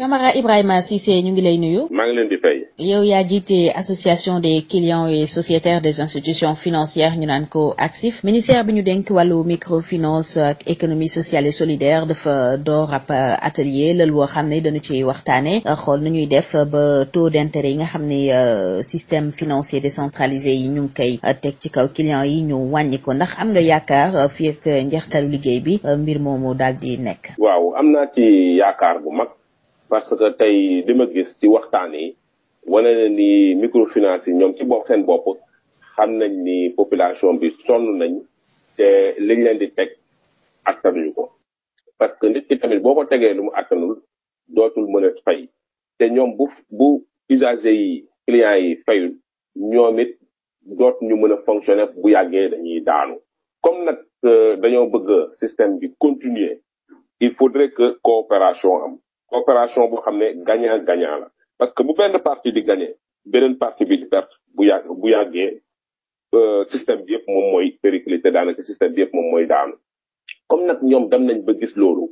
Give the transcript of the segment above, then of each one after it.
Camara Ibrahima Cissé ñu ngi lay nuyu. maa ngi leen di fay. yow yaa jiite association des clients et sociétaires des institutions financières ñu naan ko ACSIF ministère bi ñu dénk wàllu microfinance ak économie sociale et solidaire dafa door ab euh, atelier lël woo xam ne dañu ci waxtaane euh, xool na ñuy def ba taux d'intérêt yi nga xam ne euh, système financier décentralisé yi ñu ngi koy teg ci kaw clients yi ñu wàññi ndax am nga yaakaar fii ak njeextalu liggéey bi mbir moomu daal di nekk. parce que tey li ma gis ci waxtaan yi wane na ni microfinance yi ñoom ci bopp seen bopp xam nañ ni population bi sonn nañ te liñ leen di teg attanuñu ko parce que nit ki boo ko tegee lu mu attanul dootul mën a fay te ñoom bu bu usagers yi clients yi fayul ñoom it doot ñu mën a fonctionner bu yàggee dañuy daanu comme nag euh, dañoo bëgg système bi continuer il faudrait que coopération am opération boo xam ne gagnant gagnant la parce que bu benn parti di gagné beneen parti bi di perte bu yàgg bu yàggee euh, système bi yëpp moom mooy périclité te daanaka système bi yëpp moom mooy daanu comme nag ñoom dam nañ ba gis loolu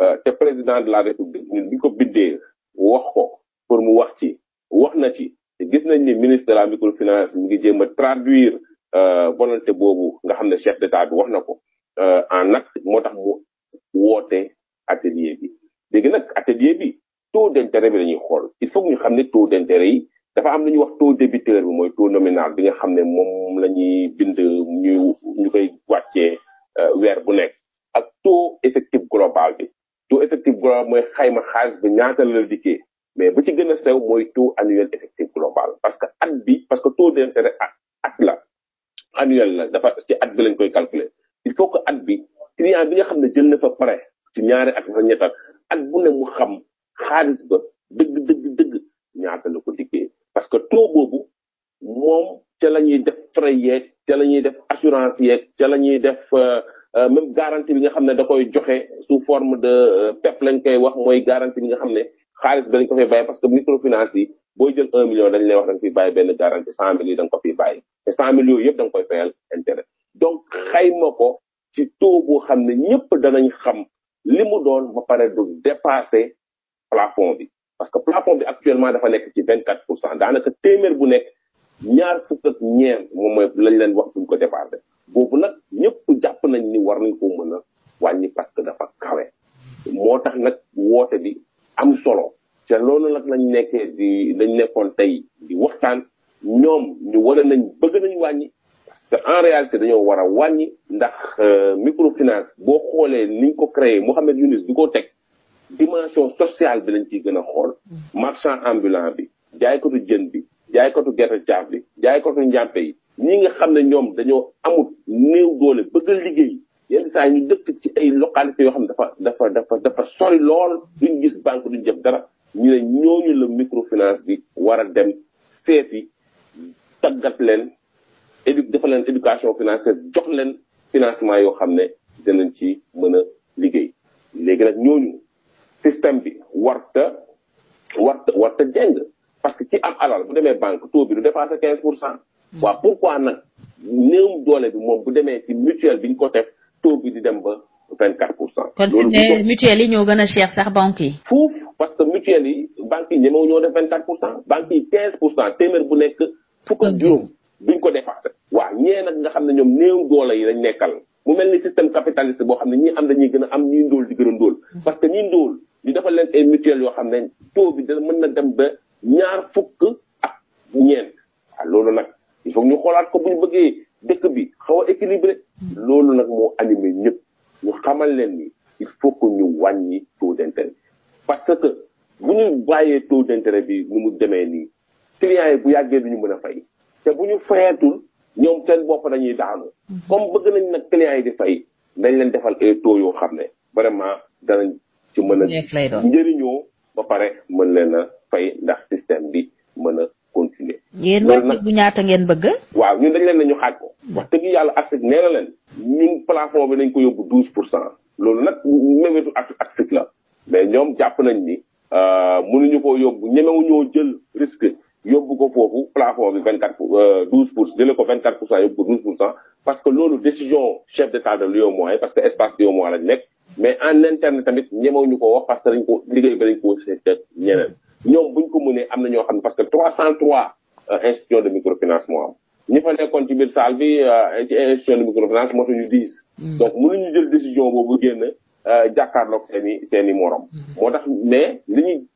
euh, te président de la république bi ko biddee wax ko pour mu wax ci wax na ci te gis nañ ni ministre de la microfinance mi ngi jéem a traduire euh, volonté boobu nga xam ne chef d'état bi wax na ko en acte moo tax mu woote léegi nag atelier bi taux d'intérêt bi lañuy xool il faut que ñu xam ne taux d'intérêt yi dafa am lu ñuy wax taux débiteur bi mooy taux nominal bi nga xam ne moom la ñuy bind ñu ñu koy wàccee euh, weer bu nekk ak to effectif global bi taux effectif global mooy xayma xaalis bi ñaata la dikkee mais ba ci gën a sew mooy taux annuel effectif global parce que at bi parce que taux d'intérêt at at la annuel la dafa at bi lañ koy calculer il faut que at bi a bi nga xam ne jël na fa prêt ci ñaari at fa at bu ne xam xaalis ba dëgg dëgg dëgg ñaata la ko liggéey parce que taux boobu moom ca la ñuy def frais yeeg ca la ñuy def assurance yeeg ca la ñuy def euh, euh, même garantie bi nga xam ne da koy joxe sous forme de euh, PEP lañ koy wax mooy garantie bi nga xam ne xaalis bi dañ ko fay bàyyi parce que microfinance yi booy jël un million dañ lay wax da nga fiy bàyyi benn garantie cent mille yi da nga ko te cent mille yooyu yëpp koy fayal intérêt donc xayma ko ci taux boo xam ne ñëpp danañ xam li mu doon ba pare du dépasser plafond bi parce que plafond bi actuellement dafa nekk ci vingt quatre pour cent daanaka téeméer bu nekk ñaar fukk ak ñeent moom mooy lañ leen wax duñ ko dépassé boobu nag ñëpp jàpp nañ ni war nañ ko mën a wàññi parce que dafa kawe moo tax nag woote bi am solo te loolu nag lañ nekkee di lañ nekkoon tey di waxtaan ñoom ñu wara nañ bëgg nañ wàññi c'est réalité dañoo war a wàññi ndax euh, microfinance boo xoolee ni ñu ko créé Mouhamed Younis du ko teg dimension sociale bi lañ ciy gën a xool marchand ambulant bi jaaykatu jën bi jaaykatu gerte caaf bi jaaykatu njàmpe yi ñi nga xam ne ñoom dañoo amul néew doole bëgg a liggéey yenn saa ñu dëkk ci ay localités yoo xam ne dafa dafa dafa dafa sori lool duñ gis banque duñ jëf dara ñu ne ñooñu la microfinance bi war a dem seeti tàggat leen édu defal leen éducation financière jox leen financement yoo xam ne danañ ci mën a liggéey léegi nag ñooñu système bi warta warta warta jeng parce que ci am alal bu demee banque taux bi du dépassé quinze pour cent waaw pourquoi nag néew doole bi moom bu demee ci mutuelle bi ñu ko teg taux bi di dem ba vingt quatre pour cent kon fi ne mutuelle yi ñoo gën a cher sax banque yi fuuf parce que mutuel yi banque yi ñemewu ñoo de vingt quatre pour cent banque yi quinze pour cent téeméer bu nekk fukk ak juróom duñ ko defar ñee nag nga xam ne ñoom néew doole yi lañ nekkal mu mel ni système capitaliste boo xam ne ñii am dañuy gën a am ñii ndóol di gën a ndóol mm-hmm. parce que ñii ndóol ñu defal leen ay mutuelle yoo xam ne taux bi dana mën na dem ba ñaar fukk ak ñeent waaw loolu nag il faut ñu xoolaat ko bu ñu bëggee dëkk bi xaw a équilibré mm-hmm. loolu nag moo animé ñëpp ñu xamal leen ni il faut que ñu wàññi parce que bu ñu bàyyee taux d'intérêt bi nu mu demee nii clients yi bu yàggee du ñu mën a fay te bu ñu fayatul ñoom seen bopp dañuy daanu. Mhm. comme bëgg nañ nag clients yi di fay dañ leen defal ay taux yoo xam ne vraiment danañ ci mën a. njëriñoo ba pare mën leen a fay ndax système bi mën a continuer. yéen wàññi bu ñaata ngeen bëgg. waaw ñun dañ leen ne ñu xaaj ko. wax dëgg yàlla AXIC nee na leen. ñun plafond bi nañ ko yóbbu douze pour cent. loolu nag méwetu ak AXIC la mais ñoom jàpp nañ ni euh, mënuñu koo yóbbu ñemewuñoo jël risque. yóbbu ko foofu plafond vingt quatre pour euh, douze pour cent parce que loolu décision chef d'état de l'UEMOA parce que espace UEMOA lañ nekk mais en interne tamit ñemew ko wax parce que dañ ko liggéey ko ñeneen ñoom buñ ko mënee am ñoo xam ne parce que trois cent trois euh, institution de microfinance moo am ñi fa nekkoon ci biir salle bi euh, ci institution de microfinance moo tax ñu diis mm. donc mënuñu jël décision boobu génn jàkkaarloog seen i seen i morom mm-hmm.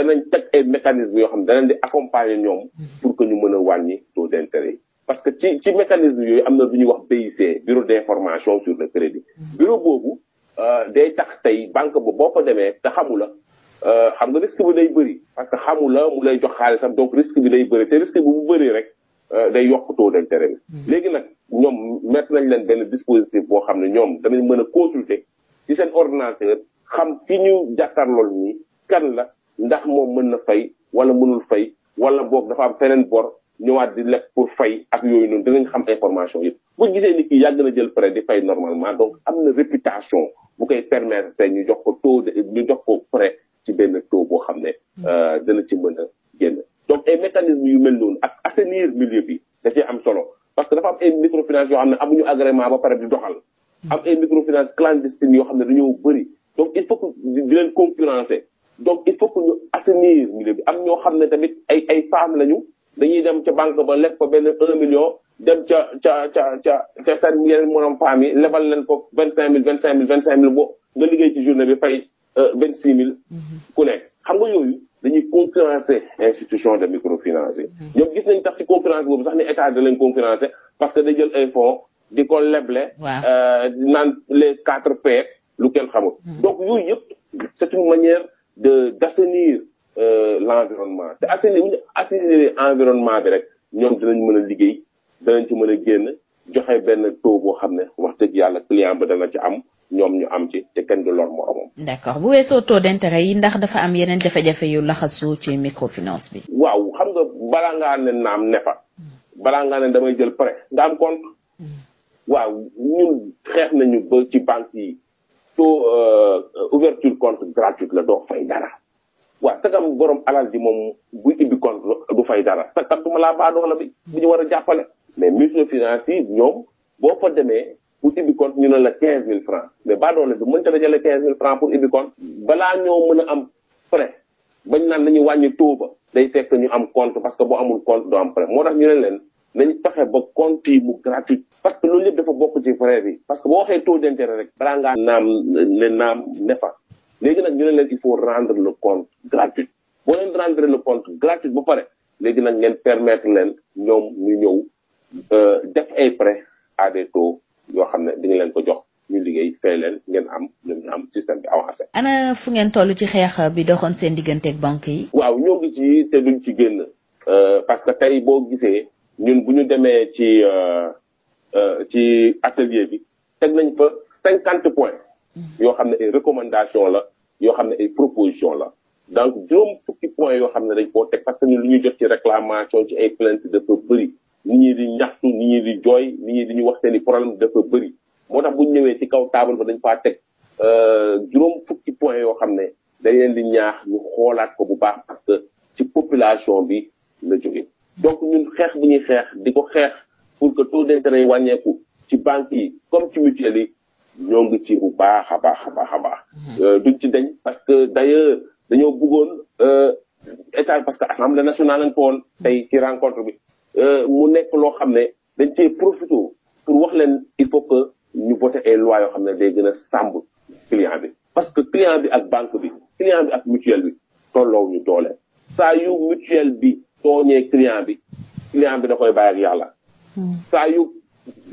danañ teg ay mécanismes yoo xam ne danañ di accompagner ñoom pour que ñu mën a wàññi taux d'intérêt yi parce que ci ci mécanisme yooyu am na lu ñuy wax BIC bureau d'information sur le crédit bureau boobu euh, day tax tey banque ba boo ko demee te xamu la euh, xam nga risque bi day bëri parce que xamu la mu lay jox xaalisam donc risque bi day bëri te risque bi bu bëri rek euh, day yokk taux d'intérêt bi mm-hmm. léegi nag ñoom mettre nañ leen benn dispositif boo xam ne ñoom danañ mën a consulter ci seen ordinateur xam ki ñu jàkkaarlool nii kan la ndax moom mën na fay wala mënul fay wala boog dafa am feneen bor ñëwaat di lekk pour fay ak yooyu noonu dinañ xam information yëpp bu gisee ni kii yàgg na jël prêt di fay normalement donc am na réputation bu koy permettre tey ñu jox ko taux ñu jox ko prêt ci benn taux boo xam ne mm. euh, dana ci mën a génn donc ay mécanismes yu mel noonu ak assainir milieu bi da am solo parce que dafa am ay microfinance yoo xam ne am amuñu agrément ba pare di doxal mm. am ay microfinance clandestine yoo xam ne dañoo bëri donc il faut que di leen concurrencer donc il faut que ñu assainir milieu bi am ñoo xam ne tamit ay ay femmes lañu dañuy dem ca banque ba lekk ko benn un million dem ca ca ca ca ca seen yeneen moroom femmes yi leen ko vingt cinq mille vingt cinq mille vingt cinq mille boo euh, six mille mm-hmm. ku nekk xam nga yooyu dañuy concurrencer institution de microfinance yi mm-hmm. ñoom gis nañ tax ci concurrence boobu sax ni état da leen concurrencer parce que da jël ay fonds di ko leble euh, naan les quatre P lu kenn xamul mm-hmm. donc yooyu yëpp c'est une manière de d'assainir euh, l'environnement te assainir bu ñu environnement bi rek ñoom dinañ mën a liggéey danañ ci mën a génn joxe benn taux boo xam ne wax dëgg yàlla client ba dana ci am ñoom ñu am ci te kenn du lor moromam. d'accord bu weesoo taux d'intérêt yi ndax dafa am yeneen jafe-jafe yu laxasu ci microfinance bi. waaw xam nga balaa ngaa ne naam ne bala balaa ngaa ne damay jël prêt nga am compte hmm. waaw ñun xeex nañu ci banque yi. taux euh, ouverture compte gratuite la doo fay dara waaw sagam borom alal ji moom buy ibbi compte du fay dara sagam du ma laa baa la bi bu ñu war a jàppale mais ministre finance yi ñoom boo fa demee pour ibbi compte ñu ne la quinze mille francs mais baa doxla bi ta dajale quinze mille francs pour ibbi compte balaa ñoo mën a am frais bañ naan la ñu wàññi taux ba day fekk ñu am compte parce que boo amul compte doo am frais moo tax ñu ne leen nañ fexe ba compte yi mu gratuit parce que loolu yëpp dafa bokk ci frais bi parce que boo waxee taux d'intérêt rek balaa ngaa naam ne naam ne fa léegi nag ñu ne leen il faut rendre le compte gratuit boo leen rendre le compte gratuit ba pare léegi nag ngeen permettre leen ñoom ñu ñëw euh, def ay prêts à des taux yoo xam ne di leen ko jox ñu liggéey fay leen ngeen am ngeen am système bi avancé. ana fu ngeen toll ci xeex bi doxoon seen digganteeg banque yi. waaw ci te duñ euh, que tey boo gisee. ñun bu ñu demee ci euh, euh, ci atelier bi teg nañ fa cinquante point yoo xam ne ay recommandation la yoo xam ne ay proposition la donc juróom fukki point yoo xam ne dañ koo teg parce que ñun lu ñu jot ci réclamation ci ay plainte dafa bëri nit ñi di ñaxtu nit ñi di jooy nit ñi di ñu wax seen i problème dafa bëri moo tax bu ñu ñëwee ci kaw taabal ba dañ faa teg euh, juróom fukki point yoo xam ne dañ di ñaax ñu xoolaat ko bu baax parce que ci population bi la jóge donc ñun xeex bu ñuy xeex di ko xeex pour que taux d'intérêt yi wàññeeku ci banque yi comme ci mutuelle yi ñoo ngi ci bu baax a baax a baax a baax. Mm-hmm. Euh, duñ ci dañ parce que d'ailleurs dañoo bëggoon euh, état parce que assemblée nationale lañ ko woon tey ci rencontre bi euh, mu nekk loo xam ne dañ cee profité pour wax leen il faut que ñu voter ay loi yoo xam ne day gën a sàmb client bi. parce que client bi ak banque bi client bi ak mutuelle bi tolloowuñu doole saa yu mutuelle bi. tooñee client bi client bi da koy bàyyi ak yàlla. Hmm. saa yu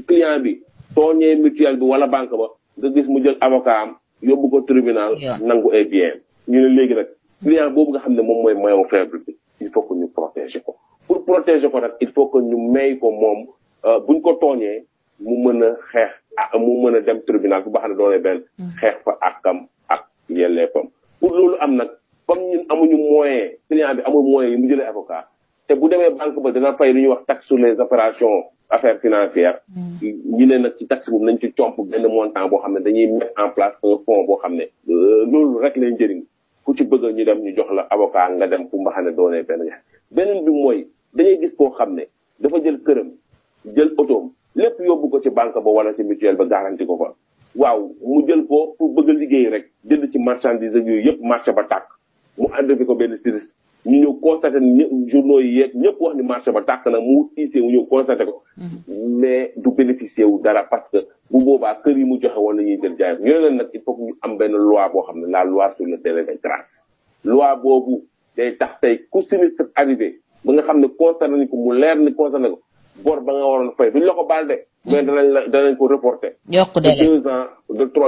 client bi tooñee mutuelle bi wala banque ba ga gis mu jël avocat am yóbbu ko tribunal. nangu ay bien ñu ne léegi nag client boobu nga xam ne moom mooy maillon faible bi ñu protéger ko pour protéger ko nag il faut que ñu may ko moom euh, buñ ko tooñee mu mën a xeex ah, mu mën a dem tribunal bu ba ne doone benn hmm. xeex fa àqam ak yelleefam pour loolu am nag comme ñun amuñu moyen client bi amul moyen yi mu jëlee avocat te bu demee banque ba dina fay lu ñuy wax taxe sur les opérations affaires financières. Mm. ñu ne nag ci taxe boobu nañ ci comp benn montant boo xam ne dañuy mettre en place un fonds boo xam ne. Euh, loolu rek lay njëriñ ku ci bëgg ñu dem ñu jox la avocat nga dem fu mu ne doonee benn beneen bi mooy dañuy gis koo xam ne dafa jël këram jël otoom lépp yóbbu ko ci banque ba wala ci mutuelle ba garanti ko fa. waaw mu jël ko pour bëgg a liggéey rek jënd ci marchandise ak yooyu yëpp marché ba tàkk mu ànd ko benn service. ñu ñëw constaté ñë journaux yi yeeg ñëpp wax ni marché ba mu issee wu ñëw constaté ko. Mm-hmm. mais du bénéficier wu dara parce que bu boobaa kër yi mu joxe woon la ñuy jël jaay ñu ne leen na il faut que benn loi boo xam ne la loi sur le délai de grâce. loi boobu day tax tey ku sinistre arrivé ba nga xam ne constaté nañ ko mu leer ni constaté ko bor ba nga waroon fay duñ la ko baal de. Mm-hmm. mais danañ danañ ko reporté. yokk délai deux ans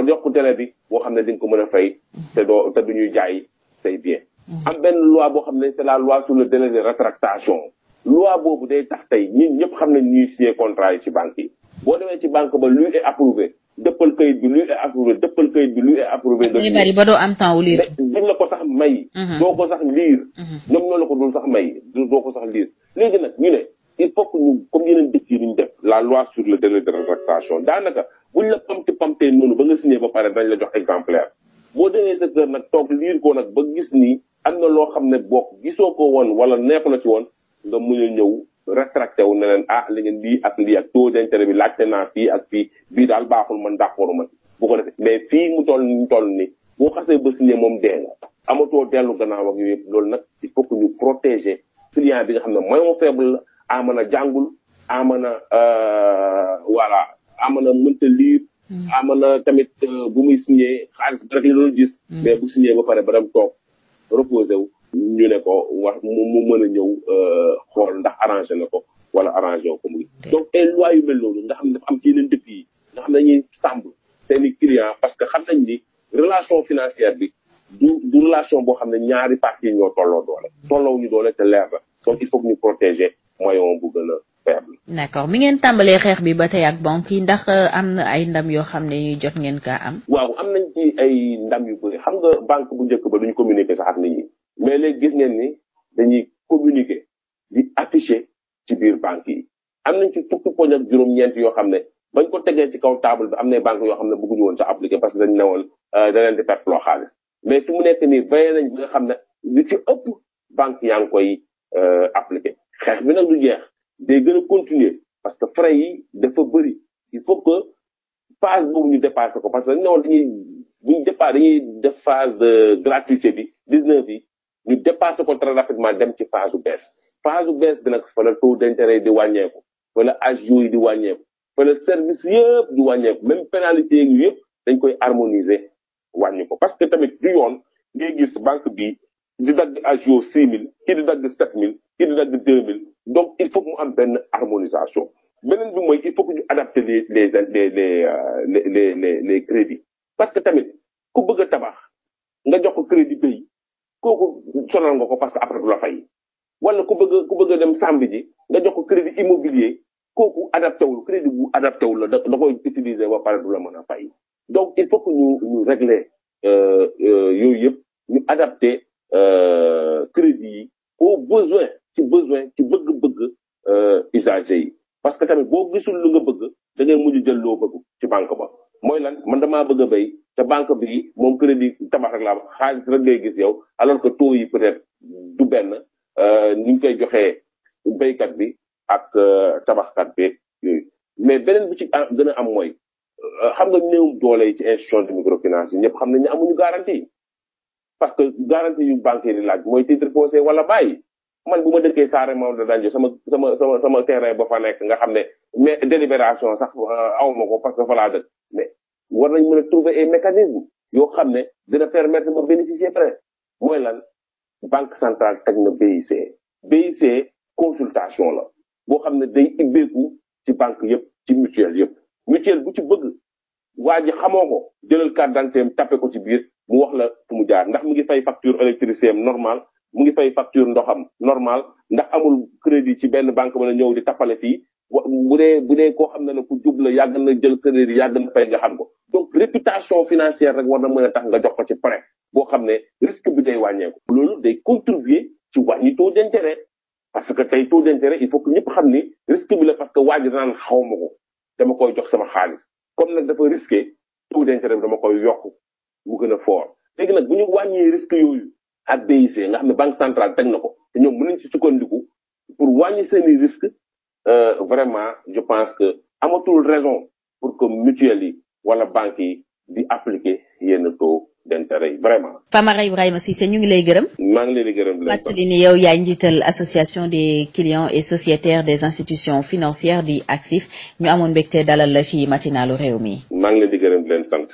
de yokk délai bi boo xam ne di nga ko mën a fay. Mm-hmm. te doo te du ñuy jaay say bien. am benn loi boo xam ne c'est la loi sur le délai de rétractation loi boobu day tax tey ñun ñëpp xam ne ñuy signé contrat yi ci banque yi boo demee ci banque ba lui est approuvé dëppal kayit bi lui est approuvé dëppal kayit bi lui est approuvé dañuy bari ba doo am temps wu liir duñ la ko sax may mhm. doo ko sax liir mhm. ñoom ñoo ko dul sax may doo ko sax liir léegi nag ñu ne il faut que comme yeneen dëkk yi ñu la loi sur le délai de rétractation daanaka buñ la pamte pamtee noonu ba nga ba pare dañ la jox exemplaire boo demee sa kër nag toog liir ko nag ba gis nii am na loo xam ne bokk gisoo ko woon wala neexu la ci woon nga muñ a ñëw rétracté wu ne leen ah li ngeen lii ak tu ak taux d'intérêt bi laajte naa fii ak fii bii daal baaxul man d'accord ma bu ko defee mais fii mu toll mu toll ni boo xasee ba signé moom dee nga amatoo dellu gannaaw ak yooyu yëpp loolu nag il faut que ñu protéger client bi nga xam ne moyen faible la amana jàngul amana euh, voilà na mënta lire Hmm. Amana tamit euh, bu muy signé xaalis rek la doon gis. Hmm. mais bu signé ba pare ba dem toog reposé ñu ne ko wax mu mën a ñëw euh, xool ndax arrangé na ko wala arrangé ko muy. donc ay loi yu mel noonu ndax xam ne dafa am ci yeneen dëkk yi nga xam ne dañuy sàmb seen parce que xam nañ ni relation financière bi du du relation boo xam ne ñaari parties ñoo tolloo doole. tolloo ñu doole te leer na il faut ñu protéger moyen bu d' accord ngeen tàmbalee xeex bi ba tey ak banque yi ndax euh, am na ay ndam yoo xam ne ñuy jot ngeen kaa am. waaw am nañ ay ndam yu bëri xam nga banque bu njëkk ba duñ communiquer sax ak nit ñi mais léegi gis ngeen ni dañuy communiquer di afficher ci biir banque yi am nañ ci fukki poñ ak juróom-ñeent yoo xam ne bañ ko tegee ci kaw table bi am na banque yoo xam ne bëgguñu woon sax appliquer parce que dañ ne woon euh, da leen di perte loo xaalis mais fi bi nga xam ne li ci ëpp banque yaa ngi koy euh, appliquer xeex bi nag du jeex. day gën a continuer parce que frais yi dafa bëri il faut que phase boobu ñu dépassé ko parce que non dañuy ñu dépassé dañuy def phase de gratuité bi 19 yi ñu dépassé ko très rapidement dem ci phase bu bees phase bu bees bi nag fa la taux d'intérêt yi di wàññeeku fa la di wàññeeku fa la service yëpp di wàññeeku même pénalité yi yëpp dañ koy harmoniser wàññi ko parce que tamit du yoon ngay gis banque bi di dagg agio 6 000 kii di dagg 7 000 kii di dagg 2 000 il faut que mu am benn harmonisation beneen bi mooy il faut que ñu adapter les les les les euh, les les crédits parce que tamit ku bëgg a tabax nga jox ko crédit bay kooku sonal nga ko parce que après du la fay wala ku bëgg ku bëgg dem sàmb ji nga jox ko crédit immobilier kooku adapté wul crédit bu adapté wul la da koy utiliser ba pare du la mën a fay donc il faut que ñu ñu régler euh, euh, yooyu yëpp ñu adapter crédit yi aux ci besoin usagers yi parce que tamit boo gisul lu nga bëgg da ngay mujj jël loo bëgg ci banque ba mooy lan man damaa bëgg a béy te banque bi moom crédit tabax rek laa am xaalis rek ngay gis yow alors que taux yi peut du benn euh, ni ñu koy joxee béykat bi ak euh, tabaxkat bi mais beneen bu ci ah, gën a am mooy euh, xam nga néewum doole yi ci institution de microfinance yi ñëpp xam nañ ne amuñu garantie parce que garantie yu banque yi di laaj mooy titre foncier wala bàyyi man bu ma dëkkee Saare Maodo Dandio sama sama sama sama terrain ba fa nekk nga xam ne mais délibération sax euh, awma ko parce que fa laa dëkk mais war nañ mën a trouver ay yoo xam ne dina permettre ma bénéficier prêt mooy lan banque centrale teg na BIC BIC consultation la boo xam ne day ibbeeku ci banque yëpp ci mutuelle yëpp mutuel bu ci bëgg waa ji xamoo ko jëlal carte d'identité am tapé ko ci biir mu wax la fu mu jaar ndax mu ngi fay facture électricité am normal mu ngi fay facture ndoxam normal ndax amul crédit ci benn banque mën a ñëw di tappale fii bu dee bu dee koo xam ne la ku jub la yàgg na jël crédit yàgg na fay nga xam ko donc réputation financière rek war na mën a tax nga jox ko ci prêt boo xam ne risque bi day wàññeeku loolu day contribuer ci wàññi taux parce que tey taux d'intérêt il faut que ñëpp xam ni risque la parce que waa ji naan xawma ko dama koy jox sama xaalis comme nag dafa risqué taux d'intérêt bi dama koy yokk mu gën a fort nag bu ñu wàññee yooyu ak BIC nga xam ne banque centrale teg na ko te ñoom mënuñ ci sukkandiku pour wàññi seeni risque euh, vraiment je pense que amatul raison pour que mutuelle yi wala banques yi di appliquer yenn taux d'intérêt yi vraiment. Famara Ibrahima si ñu ngi lay gërëm. maa ngi leen di gërëm. fàttali ni yow yaay njiital association des clients et sociétaires des institutions financières di ACSIF ñu amoon mbégte dalal la ci matinalu réew mi. maa ngi leen di gërëm di